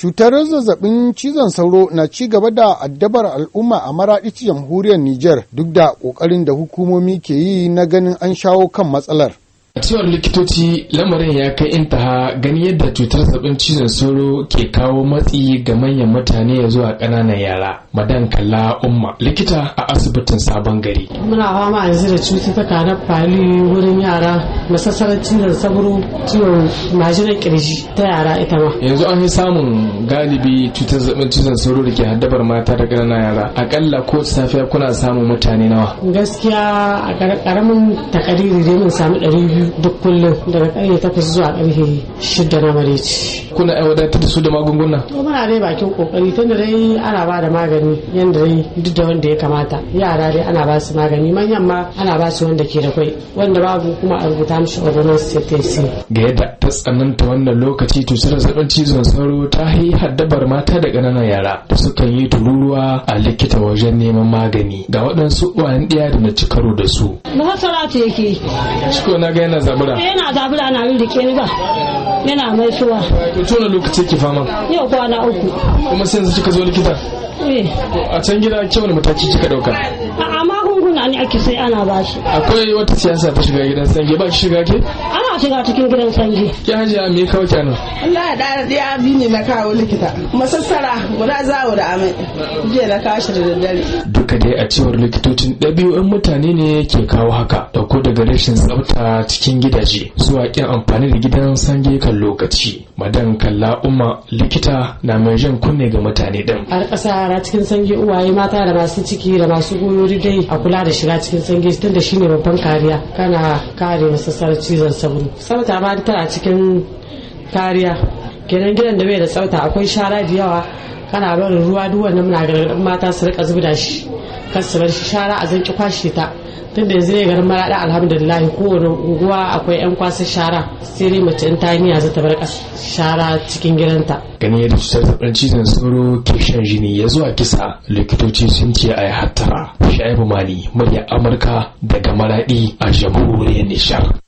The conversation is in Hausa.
Cutar zazzabin cizon sauro na ci gaba da addabar al'umma a maraɗici jamhuriyar Nijar duk da ƙoƙarin da hukumomi ke yi na ganin an shawo kan matsalar. a cewar likitoci lamarin ya kai intaha gani yadda cutar zaɓin cizon sauro ke kawo matsi ga manyan mutane zuwa ƙananan yara madan kalla umma likita a asibitin sabon gari muna fama yanzu da ta kana fali wurin yara masassarar cizon sauro ciwon majinan kirji ta yara ita ma yanzu an yi samun galibi cutar zaɓin cizon sauro da ke haddabar mata da ƙananan yara akalla ko safiya kuna samun mutane nawa gaskiya a ƙaramin takariri dai mun samu ɗari biyu duk kullum daga ƙarfe takwas zuwa ƙarfe shida na mareci. Kuna aiwatar da su da magunguna? To muna dai bakin kokari tunda dai ana ba da magani yanda dai duk da wanda ya kamata. Yara dai ana ba su magani manyan ma ana ba su wanda ke da kwai wanda babu kuma a rubuta mishi ordinance ta Ga yadda ta tsananta wannan lokaci cutar zazzabin cizon sauro ta yi haddabar mata da ƙananan yara da sukan yi tururuwa a likita wajen neman magani ga waɗansu uwayen ɗiya da na ci karo da su. Na hasara ta yake. Ciko na ga yana zabura yana zabura na yin rike ni ba yana mai suwa to tona lokaci ki fama yau kwana uku kuma sai yanzu kika zo likita eh. a can gida kewa da mataki kika dauka a magunguna ne ake sai ana bashi akwai wata siyasa ta shiga gidan sange ba ki shiga ke a shiga cikin gidan sanji. Ki a me kawo kenan? Allah da ɗaya bi ne na kawo likita. Masassara guda zawo da amai. Jiya na kawo shi da daddare. Duka dai a cewar likitocin ɗabi'un mutane ne ke kawo haka. Dauko daga rashin tsafta cikin gidaje zuwa ƙin amfani da gidan sanyi kan lokaci. madan kalla umma likita na mai jan kunne ga mutane din a ƙasa yara cikin sange uwaye mata da masu ciki da masu goyo dai a kula da shiga cikin sange tun da shine babban kariya kana kare masasar cizon sauri. tsafta ma a cikin kariya gidan gidan da bai da tsafta akwai shara da yawa kana barin ruwa duk wannan muna ga mata su rika zubda shi kasu shi shara a zanki kwashe ta tun da yanzu ne garin maraɗa alhamdulillah kowane unguwa akwai 'yan kwasa shara sai dai mace in ta niya za ta bar shara cikin gidanta ganin yadda cutar zaɓar cizon sauro ke shan jini ya zuwa kisa likitoci sun ce a yi hattara shaibu mani murya amurka daga maraɗi a jamhuriyar nishar